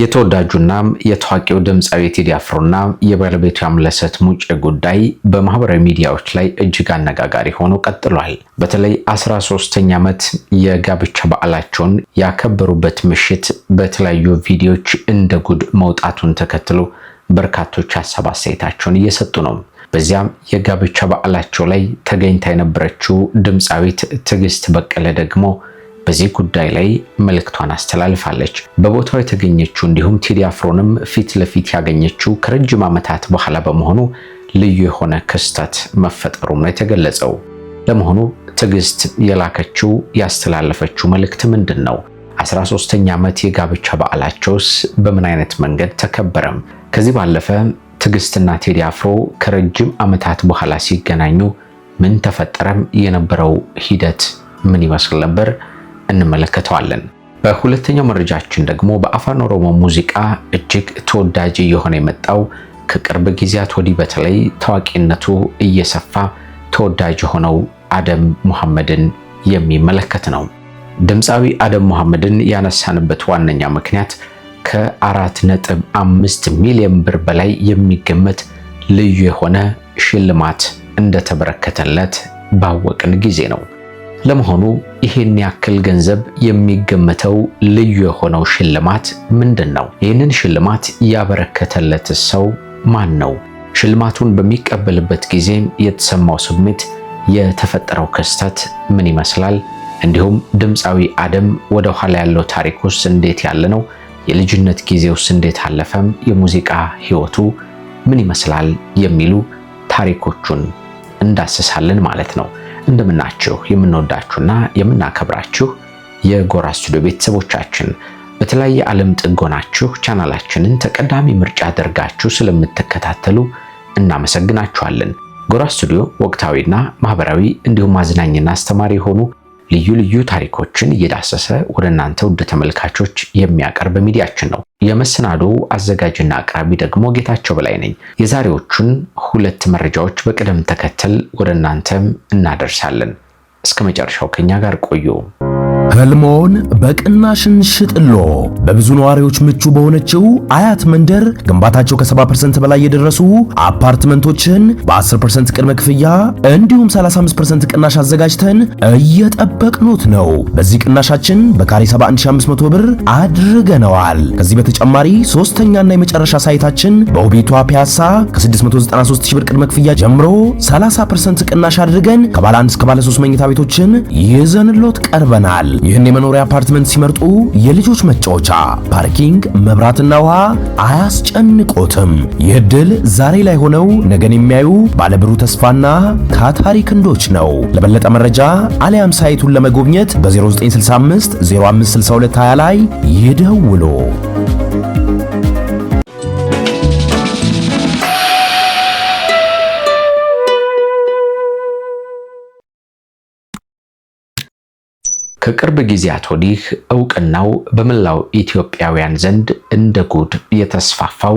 የተወዳጁና የታዋቂው ድምፃዊ ቴዲ አፍሮና የባለቤቱ ያምለሰት ሙጬ ጉዳይ በማህበራዊ ሚዲያዎች ላይ እጅግ አነጋጋሪ ሆኖ ቀጥሏል። በተለይ 13ኛ ዓመት የጋብቻ በዓላቸውን ያከበሩበት ምሽት በተለያዩ ቪዲዮዎች እንደ ጉድ መውጣቱን ተከትሎ በርካቶች ሀሳብ አስተያየታቸውን እየሰጡ ነው። በዚያም የጋብቻ በዓላቸው ላይ ተገኝታ የነበረችው ድምፃዊት ትዕግስት በቀለ ደግሞ በዚህ ጉዳይ ላይ መልእክቷን አስተላልፋለች። በቦታው የተገኘችው እንዲሁም ቴዲ አፍሮንም ፊት ለፊት ያገኘችው ከረጅም ዓመታት በኋላ በመሆኑ ልዩ የሆነ ክስተት መፈጠሩም ነው የተገለጸው። ለመሆኑ ትዕግስት የላከችው ያስተላለፈችው መልእክት ምንድን ነው? 13ኛ ዓመት የጋብቻ በዓላቸውስ በምን አይነት መንገድ ተከበረም? ከዚህ ባለፈ ትዕግስትና ቴዲ አፍሮ ከረጅም ዓመታት በኋላ ሲገናኙ ምን ተፈጠረም? የነበረው ሂደት ምን ይመስል ነበር? እንመለከተዋለን። በሁለተኛው መረጃችን ደግሞ በአፋን ኦሮሞ ሙዚቃ እጅግ ተወዳጅ እየሆነ የመጣው ከቅርብ ጊዜያት ወዲህ በተለይ ታዋቂነቱ እየሰፋ ተወዳጅ የሆነው አደም ሙሐመድን የሚመለከት ነው። ድምፃዊ አደም ሙሐመድን ያነሳንበት ዋነኛ ምክንያት ከአራት ነጥብ አምስት ሚሊዮን ብር በላይ የሚገመት ልዩ የሆነ ሽልማት እንደተበረከተለት ባወቅን ጊዜ ነው። ለመሆኑ ይህን ያክል ገንዘብ የሚገመተው ልዩ የሆነው ሽልማት ምንድን ነው? ይህንን ሽልማት ያበረከተለት ሰው ማን ነው? ሽልማቱን በሚቀበልበት ጊዜ የተሰማው ስሜት፣ የተፈጠረው ክስተት ምን ይመስላል? እንዲሁም ድምፃዊ አደም ወደ ኋላ ያለው ውስጥ እንዴት ያለ ነው? የልጅነት ጊዜውስ እንዴት አለፈም? የሙዚቃ ህይወቱ ምን ይመስላል? የሚሉ ታሪኮቹን እንዳስሳለን ማለት ነው። እንደምናችሁ የምንወዳችሁና የምናከብራችሁ የጎራ ስቱዲዮ ቤተሰቦቻችን በተለያየ ዓለም ጥጎናችሁ ቻናላችንን ተቀዳሚ ምርጫ አድርጋችሁ ስለምትከታተሉ እናመሰግናችኋለን። ጎራ ስቱዲዮ ወቅታዊና ማህበራዊ እንዲሁም አዝናኝና አስተማሪ የሆኑ ልዩ ልዩ ታሪኮችን እየዳሰሰ ወደ እናንተ ውድ ተመልካቾች የሚያቀርብ ሚዲያችን ነው። የመሰናዶ አዘጋጅና አቅራቢ ደግሞ ጌታቸው በላይ ነኝ። የዛሬዎቹን ሁለት መረጃዎች በቅደም ተከተል ወደ እናንተም እናደርሳለን። እስከ መጨረሻው ከኛ ጋር ቆዩ። ህልሞን በቅናሽን ሽጥሎ በብዙ ነዋሪዎች ምቹ በሆነችው አያት መንደር ግንባታቸው ከ70% በላይ የደረሱ አፓርትመንቶችን በ10% ቅድመ ክፍያ እንዲሁም 35% ቅናሽ አዘጋጅተን እየጠበቅኑት ነው። በዚህ ቅናሻችን በካሬ 71500 ብር አድርገነዋል። ከዚህ በተጨማሪ ሶስተኛና የመጨረሻ ሳይታችን በውቤቷ ፒያሳ ከ693000 ብር ቅድመ ክፍያ ጀምሮ 30% ቅናሽ አድርገን ከባለ አንድ እስከ ባለ 3 መኝታ ቤቶችን ይዘንሎት ቀርበናል። ይህን የመኖሪያ አፓርትመንት ሲመርጡ የልጆች መጫወቻ፣ ፓርኪንግ፣ መብራትና ውሃ አያስጨንቆትም። ይህ ዕድል ዛሬ ላይ ሆነው ነገን የሚያዩ ባለብሩህ ተስፋና ታታሪ ክንዶች ነው። ለበለጠ መረጃ አሊያም ሳይቱን ለመጎብኘት በ0965 056220 ላይ ይደውሉ። ከቅርብ ጊዜያት ወዲህ እውቅናው በመላው ኢትዮጵያውያን ዘንድ እንደ ጉድ የተስፋፋው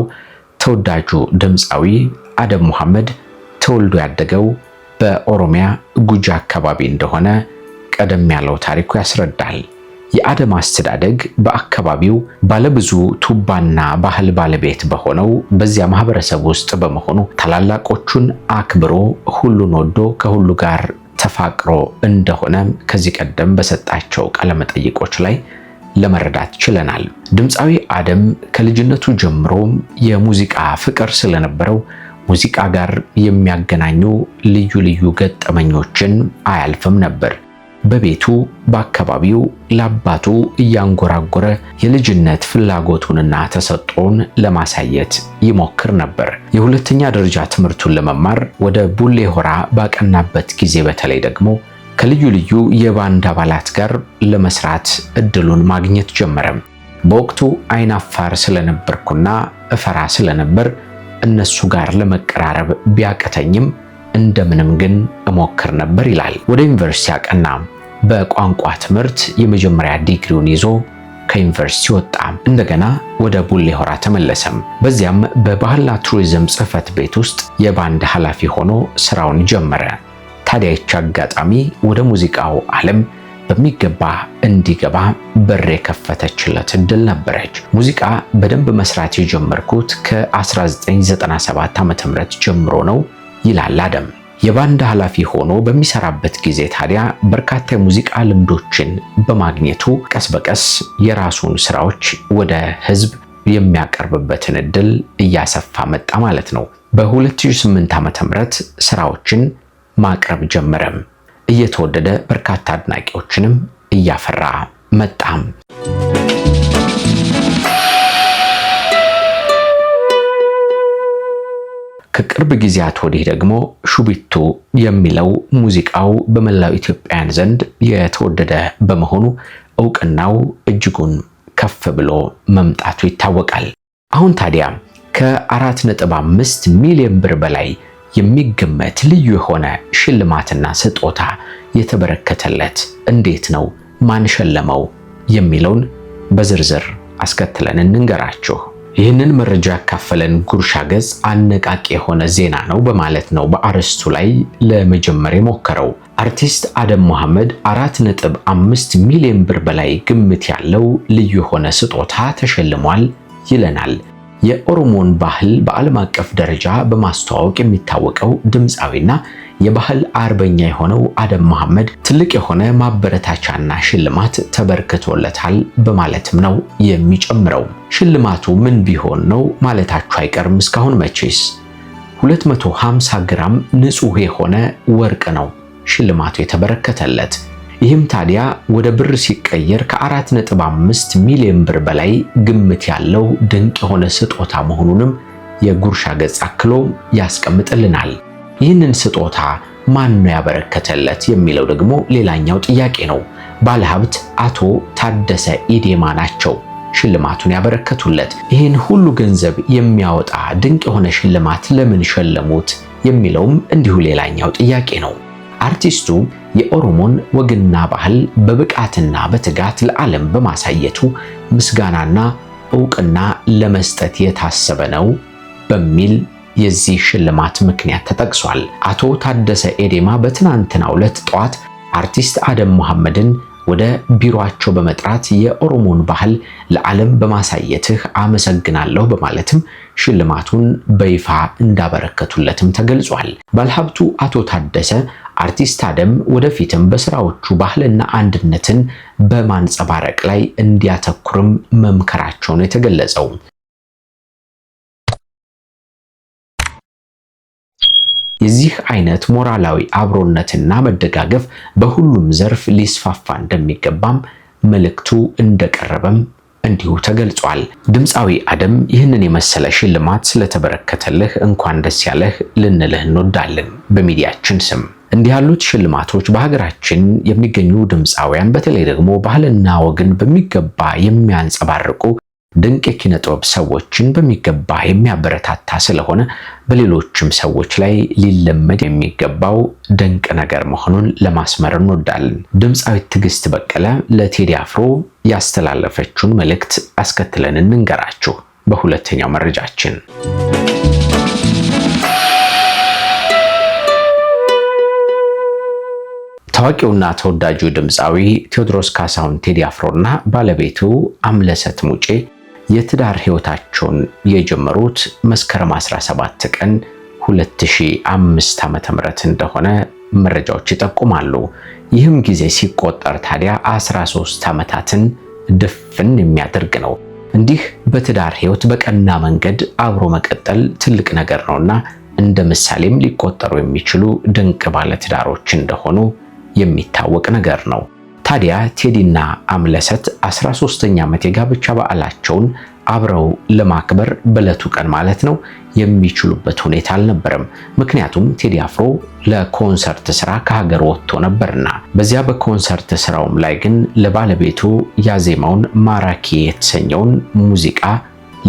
ተወዳጁ ድምፃዊ አደም መሐመድ ተወልዶ ያደገው በኦሮሚያ ጉጂ አካባቢ እንደሆነ ቀደም ያለው ታሪኩ ያስረዳል። የአደም አስተዳደግ በአካባቢው ባለብዙ ቱባና ባህል ባለቤት በሆነው በዚያ ማህበረሰብ ውስጥ በመሆኑ ታላላቆቹን አክብሮ ሁሉን ወዶ ከሁሉ ጋር ተፋቅሮ እንደሆነም ከዚህ ቀደም በሰጣቸው ቃለመጠይቆች ላይ ለመረዳት ችለናል። ድምፃዊ አደም ከልጅነቱ ጀምሮ የሙዚቃ ፍቅር ስለነበረው ሙዚቃ ጋር የሚያገናኙ ልዩ ልዩ ገጠመኞችን አያልፍም ነበር። በቤቱ በአካባቢው ለአባቱ እያንጎራጎረ የልጅነት ፍላጎቱንና ተሰጥኦን ለማሳየት ይሞክር ነበር። የሁለተኛ ደረጃ ትምህርቱን ለመማር ወደ ቡሌ ሆራ ባቀናበት ጊዜ በተለይ ደግሞ ከልዩ ልዩ የባንድ አባላት ጋር ለመስራት እድሉን ማግኘት ጀመረ። በወቅቱ አይናፋር ስለነበርኩና እፈራ ስለነበር እነሱ ጋር ለመቀራረብ ቢያቀተኝም እንደምንም ግን እሞክር ነበር ይላል። ወደ ዩኒቨርሲቲ አቀና። በቋንቋ ትምህርት የመጀመሪያ ዲግሪውን ይዞ ከዩኒቨርሲቲ ወጣ። እንደገና ወደ ቡሌ ሆራ ተመለሰም። በዚያም በባህልና ቱሪዝም ጽህፈት ቤት ውስጥ የባንድ ኃላፊ ሆኖ ስራውን ጀመረ። ታዲያ ይች አጋጣሚ ወደ ሙዚቃው ዓለም በሚገባ እንዲገባ በር የከፈተችለት እድል ነበረች። ሙዚቃ በደንብ መስራት የጀመርኩት ከ1997 ዓ.ም ጀምሮ ነው ይላል አደም። የባንድ ኃላፊ ሆኖ በሚሰራበት ጊዜ ታዲያ በርካታ የሙዚቃ ልምዶችን በማግኘቱ ቀስ በቀስ የራሱን ስራዎች ወደ ህዝብ የሚያቀርብበትን እድል እያሰፋ መጣ ማለት ነው። በ2008 ዓ ም ስራዎችን ማቅረብ ጀመረም። እየተወደደ በርካታ አድናቂዎችንም እያፈራ መጣም። ከቅርብ ጊዜያት ወዲህ ደግሞ ሹቢቱ የሚለው ሙዚቃው በመላው ኢትዮጵያውያን ዘንድ የተወደደ በመሆኑ እውቅናው እጅጉን ከፍ ብሎ መምጣቱ ይታወቃል። አሁን ታዲያ ከ4.5 ሚሊዮን ብር በላይ የሚገመት ልዩ የሆነ ሽልማትና ስጦታ የተበረከተለት እንዴት ነው ማንሸለመው የሚለውን በዝርዝር አስከትለን እንንገራችሁ። ይህንን መረጃ ያካፈለን ጉርሻ ገጽ አነቃቂ የሆነ ዜና ነው በማለት ነው በአርዕስቱ ላይ ለመጀመር የሞከረው። አርቲስት አደም መሐመድ 4.5 ሚሊዮን ብር በላይ ግምት ያለው ልዩ የሆነ ስጦታ ተሸልሟል ይለናል። የኦሮሞን ባህል በዓለም አቀፍ ደረጃ በማስተዋወቅ የሚታወቀው ድምፃዊና የባህል አርበኛ የሆነው አደም መሐመድ ትልቅ የሆነ ማበረታቻና ሽልማት ተበርክቶለታል በማለትም ነው የሚጨምረው። ሽልማቱ ምን ቢሆን ነው ማለታችሁ አይቀርም። እስካሁን መቼስ 250 ግራም ንጹህ የሆነ ወርቅ ነው ሽልማቱ የተበረከተለት። ይህም ታዲያ ወደ ብር ሲቀየር ከ4.5 ሚሊዮን ብር በላይ ግምት ያለው ድንቅ የሆነ ስጦታ መሆኑንም የጉርሻ ገጽ አክሎ ያስቀምጥልናል። ይህንን ስጦታ ማን ነው ያበረከተለት የሚለው ደግሞ ሌላኛው ጥያቄ ነው። ባለሀብት አቶ ታደሰ ኢዴማ ናቸው ሽልማቱን ያበረከቱለት። ይህን ሁሉ ገንዘብ የሚያወጣ ድንቅ የሆነ ሽልማት ለምን ሸለሙት የሚለውም እንዲሁ ሌላኛው ጥያቄ ነው። አርቲስቱ የኦሮሞን ወግና ባህል በብቃትና በትጋት ለዓለም በማሳየቱ ምስጋናና እውቅና ለመስጠት የታሰበ ነው በሚል የዚህ ሽልማት ምክንያት ተጠቅሷል። አቶ ታደሰ ኤዴማ በትናንትናው ዕለት ጠዋት አርቲስት አደም መሐመድን ወደ ቢሮአቸው በመጥራት የኦሮሞን ባህል ለዓለም በማሳየትህ አመሰግናለሁ በማለትም ሽልማቱን በይፋ እንዳበረከቱለትም ተገልጿል። ባለሀብቱ አቶ ታደሰ አርቲስት አደም ወደፊትም በስራዎቹ ባህልና አንድነትን በማንጸባረቅ ላይ እንዲያተኩርም መምከራቸውን የተገለጸው የዚህ አይነት ሞራላዊ አብሮነትና መደጋገፍ በሁሉም ዘርፍ ሊስፋፋ እንደሚገባም መልእክቱ እንደቀረበም እንዲሁ ተገልጿል። ድምፃዊ አደም ይህንን የመሰለ ሽልማት ስለተበረከተልህ እንኳን ደስ ያለህ ልንልህ እንወዳለን በሚዲያችን ስም። እንዲህ ያሉት ሽልማቶች በሀገራችን የሚገኙ ድምፃውያን በተለይ ደግሞ ባህልና ወግን በሚገባ የሚያንጸባርቁ ድንቅ የኪነ ጥበብ ሰዎችን በሚገባ የሚያበረታታ ስለሆነ በሌሎችም ሰዎች ላይ ሊለመድ የሚገባው ድንቅ ነገር መሆኑን ለማስመር እንወዳለን። ድምፃዊት ትዕግስት በቀለ ለቴዲ አፍሮ ያስተላለፈችውን መልእክት አስከትለን እንንገራችሁ በሁለተኛው መረጃችን ታዋቂውና ተወዳጁ ድምፃዊ ቴዎድሮስ ካሳሁን ቴዲ አፍሮና ባለቤቱ አምለሰት ሙጬ የትዳር ህይወታቸውን የጀመሩት መስከረም 17 ቀን 2005 ዓ.ም እንደሆነ መረጃዎች ይጠቁማሉ። ይህም ጊዜ ሲቆጠር ታዲያ 13 ዓመታትን ድፍን የሚያደርግ ነው። እንዲህ በትዳር ህይወት በቀና መንገድ አብሮ መቀጠል ትልቅ ነገር ነውና እንደ ምሳሌም ሊቆጠሩ የሚችሉ ድንቅ ባለትዳሮች እንደሆኑ የሚታወቅ ነገር ነው። ታዲያ ቴዲና አምለሰት 13ኛ ዓመት የጋብቻ በዓላቸውን አብረው ለማክበር በለቱ ቀን ማለት ነው የሚችሉበት ሁኔታ አልነበረም። ምክንያቱም ቴዲ አፍሮ ለኮንሰርት ስራ ከሀገር ወጥቶ ነበርና፣ በዚያ በኮንሰርት ስራውም ላይ ግን ለባለቤቱ ያዜማውን ማራኪ የተሰኘውን ሙዚቃ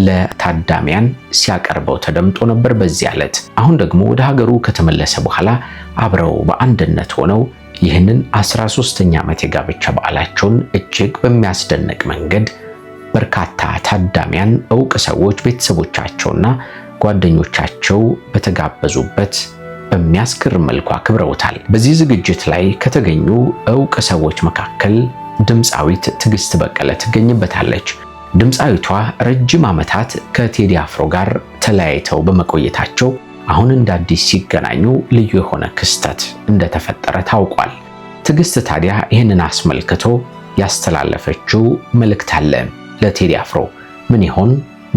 ለታዳሚያን ሲያቀርበው ተደምጦ ነበር በዚያ ዕለት። አሁን ደግሞ ወደ ሀገሩ ከተመለሰ በኋላ አብረው በአንድነት ሆነው ይህንን 13ኛ ዓመት የጋብቻ በዓላቸውን እጅግ በሚያስደንቅ መንገድ በርካታ ታዳሚያን እውቅ ሰዎች ቤተሰቦቻቸውና ጓደኞቻቸው በተጋበዙበት በሚያስገርም መልኩ አክብረውታል። በዚህ ዝግጅት ላይ ከተገኙ እውቅ ሰዎች መካከል ድምፃዊት ትዕግስት በቀለ ትገኝበታለች። ድምፃዊቷ ረጅም ዓመታት ከቴዲ አፍሮ ጋር ተለያይተው በመቆየታቸው አሁን እንደ አዲስ ሲገናኙ ልዩ የሆነ ክስተት እንደተፈጠረ ታውቋል። ትዕግስት ታዲያ ይህንን አስመልክቶ ያስተላለፈችው መልእክት አለ ለቴዲ አፍሮ። ምን ይሆን?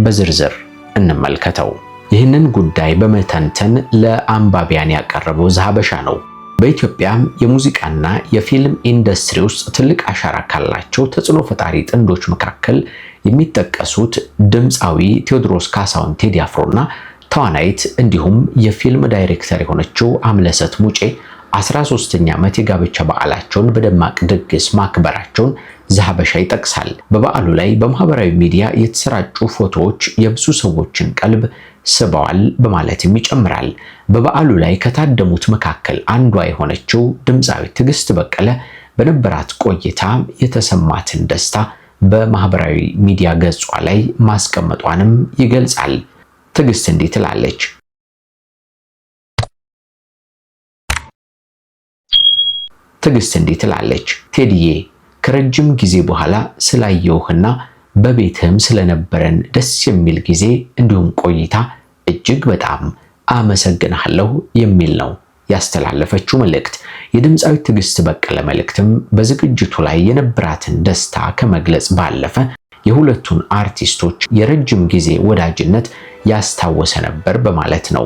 በዝርዝር እንመልከተው። ይህንን ጉዳይ በመተንተን ለአንባቢያን ያቀረበው ዘሀበሻ ነው። በኢትዮጵያም የሙዚቃና የፊልም ኢንዱስትሪ ውስጥ ትልቅ አሻራ ካላቸው ተጽዕኖ ፈጣሪ ጥንዶች መካከል የሚጠቀሱት ድምፃዊ ቴዎድሮስ ካሳሁን ቴዲ አፍሮና ተዋናይት እንዲሁም የፊልም ዳይሬክተር የሆነችው አምለሰት ሙጬ 13ኛ ዓመት የጋብቻ በዓላቸውን በደማቅ ድግስ ማክበራቸውን ዘሀበሻ ይጠቅሳል። በበዓሉ ላይ በማህበራዊ ሚዲያ የተሰራጩ ፎቶዎች የብዙ ሰዎችን ቀልብ ስበዋል በማለትም ይጨምራል። በበዓሉ ላይ ከታደሙት መካከል አንዷ የሆነችው ድምፃዊት ትዕግስት በቀለ በነበራት ቆይታ የተሰማትን ደስታ በማህበራዊ ሚዲያ ገጿ ላይ ማስቀመጧንም ይገልጻል። ትዕግስት እንዲህ ትላለች። ትዕግስት እንዲህ ትላለች። ቴዲዬ ከረጅም ጊዜ በኋላ ስላየውህና በቤትህም ስለነበረን ደስ የሚል ጊዜ እንዲሁም ቆይታ እጅግ በጣም አመሰግናለሁ የሚል ነው ያስተላለፈችው መልእክት። የድምፃዊት ትዕግስት በቀለ መልእክትም በዝግጅቱ ላይ የነበራትን ደስታ ከመግለጽ ባለፈ የሁለቱን አርቲስቶች የረጅም ጊዜ ወዳጅነት ያስታወሰ ነበር በማለት ነው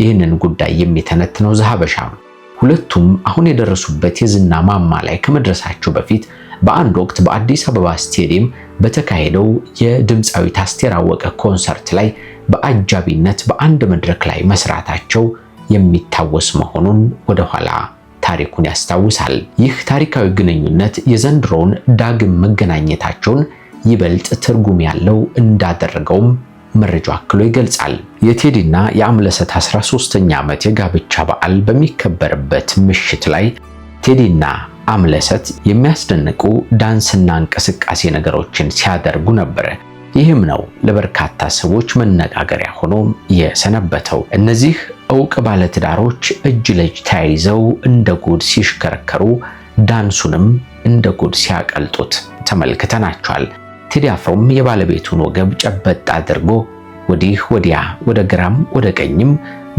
ይህንን ጉዳይ የሚተነትነው ዘሐበሻም። ሁለቱም አሁን የደረሱበት የዝና ማማ ላይ ከመድረሳቸው በፊት በአንድ ወቅት በአዲስ አበባ ስቴዲየም በተካሄደው የድምፃዊት አስቴር አወቀ ኮንሰርት ላይ በአጃቢነት በአንድ መድረክ ላይ መስራታቸው የሚታወስ መሆኑን ወደኋላ ታሪኩን ያስታውሳል። ይህ ታሪካዊ ግንኙነት የዘንድሮውን ዳግም መገናኘታቸውን ይበልጥ ትርጉም ያለው እንዳደረገውም መረጃው አክሎ ይገልጻል። የቴዲና የአምለሰት 13ኛ ዓመት የጋብቻ በዓል በሚከበርበት ምሽት ላይ ቴዲና አምለሰት የሚያስደንቁ ዳንስና እንቅስቃሴ ነገሮችን ሲያደርጉ ነበር። ይህም ነው ለበርካታ ሰዎች መነጋገሪያ ሆኖ የሰነበተው። እነዚህ እውቅ ባለትዳሮች እጅ ለእጅ ተያይዘው እንደ ጉድ ሲሽከረከሩ ዳንሱንም እንደ ጉድ ሲያቀልጡት ተመልክተናቸዋል። ቴዲ አፍሮም የባለቤቱን ወገብ ጨበጥ አድርጎ ወዲህ ወዲያ ወደ ግራም ወደ ቀኝም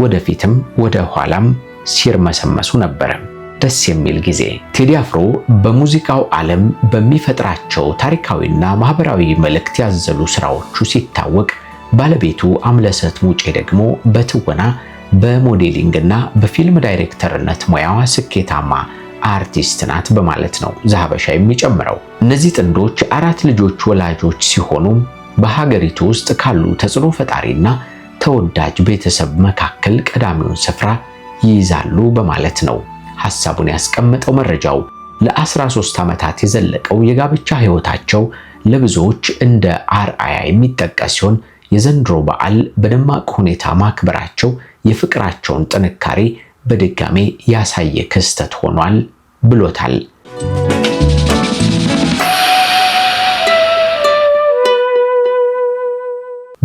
ወደ ፊትም ወደ ኋላም ሲርመሰመሱ ነበር። ደስ የሚል ጊዜ። ቴዲ አፍሮ በሙዚቃው ዓለም በሚፈጥራቸው ታሪካዊና ማህበራዊ መልእክት ያዘሉ ስራዎቹ ሲታወቅ፣ ባለቤቱ አምለሰት ሙጬ ደግሞ በትወና በሞዴሊንግና በፊልም ዳይሬክተርነት ሙያዋ ስኬታማ አርቲስት ናት በማለት ነው ዘሀበሻ የሚጨምረው። እነዚህ ጥንዶች አራት ልጆች ወላጆች ሲሆኑም በሀገሪቱ ውስጥ ካሉ ተጽዕኖ ፈጣሪና ተወዳጅ ቤተሰብ መካከል ቀዳሚውን ስፍራ ይይዛሉ በማለት ነው ሐሳቡን ያስቀመጠው መረጃው። ለ13 ዓመታት የዘለቀው የጋብቻ ሕይወታቸው ለብዙዎች እንደ አርአያ የሚጠቀስ ሲሆን የዘንድሮ በዓል በደማቅ ሁኔታ ማክበራቸው የፍቅራቸውን ጥንካሬ በድጋሜ ያሳየ ክስተት ሆኗል ብሎታል።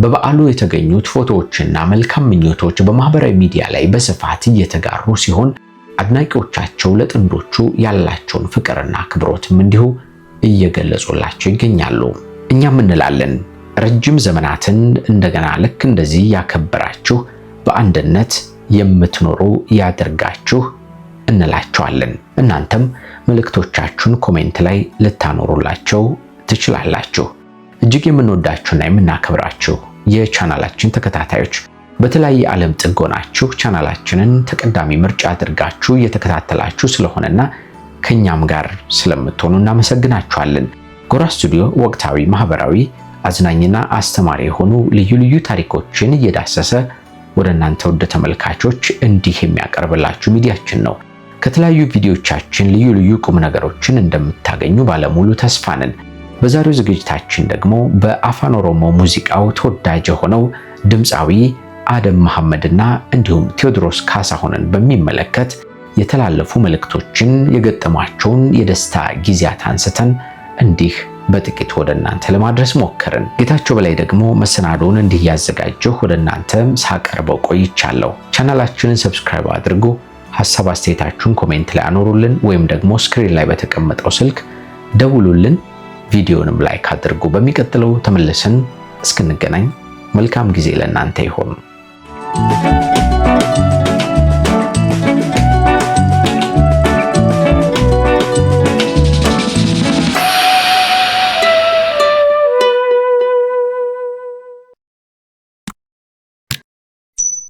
በበዓሉ የተገኙት ፎቶዎችና መልካም ምኞቶች በማህበራዊ ሚዲያ ላይ በስፋት እየተጋሩ ሲሆን አድናቂዎቻቸው ለጥንዶቹ ያላቸውን ፍቅርና አክብሮትም እንዲሁ እየገለጹላቸው ይገኛሉ። እኛም እንላለን ረጅም ዘመናትን እንደገና ልክ እንደዚህ ያከበራችሁ በአንድነት የምትኖሩ ያደርጋችሁ እንላቸዋለን። እናንተም መልእክቶቻችሁን ኮሜንት ላይ ልታኖሩላቸው ትችላላችሁ። እጅግ የምንወዳችሁና የምናከብራችሁ የቻናላችን ተከታታዮች በተለያየ ዓለም ጥግ ሆናችሁ ቻናላችንን ተቀዳሚ ምርጫ አድርጋችሁ እየተከታተላችሁ ስለሆነና ከኛም ጋር ስለምትሆኑ እናመሰግናችኋለን። ጎራ ስቱዲዮ ወቅታዊ፣ ማህበራዊ፣ አዝናኝና አስተማሪ የሆኑ ልዩ ልዩ ታሪኮችን እየዳሰሰ ወደ እናንተ ወደ ተመልካቾች እንዲህ የሚያቀርብላችሁ ሚዲያችን ነው። ከተለያዩ ቪዲዮቻችን ልዩ ልዩ ቁም ነገሮችን እንደምታገኙ ባለሙሉ ተስፋ ነን። በዛሬው ዝግጅታችን ደግሞ በአፋን ኦሮሞ ሙዚቃው ተወዳጅ የሆነው ድምፃዊ አደም መሐመድና እንዲሁም ቴዎድሮስ ካሳሁንን በሚመለከት የተላለፉ መልእክቶችን የገጠሟቸውን የደስታ ጊዜያት አንስተን እንዲህ በጥቂት ወደ እናንተ ለማድረስ ሞከርን። ጌታቸው በላይ ደግሞ መሰናዶውን እንዲህ ያዘጋጀሁ ወደ እናንተም ሳቀርበው ቆይቻለሁ። ቻናላችንን ሰብስክራይብ አድርጉ። ሀሳብ አስተያየታችሁን ኮሜንት ላይ አኖሩልን፣ ወይም ደግሞ ስክሪን ላይ በተቀመጠው ስልክ ደውሉልን። ቪዲዮንም ላይክ አድርጉ። በሚቀጥለው ተመልሰን እስክንገናኝ መልካም ጊዜ ለእናንተ ይሆን።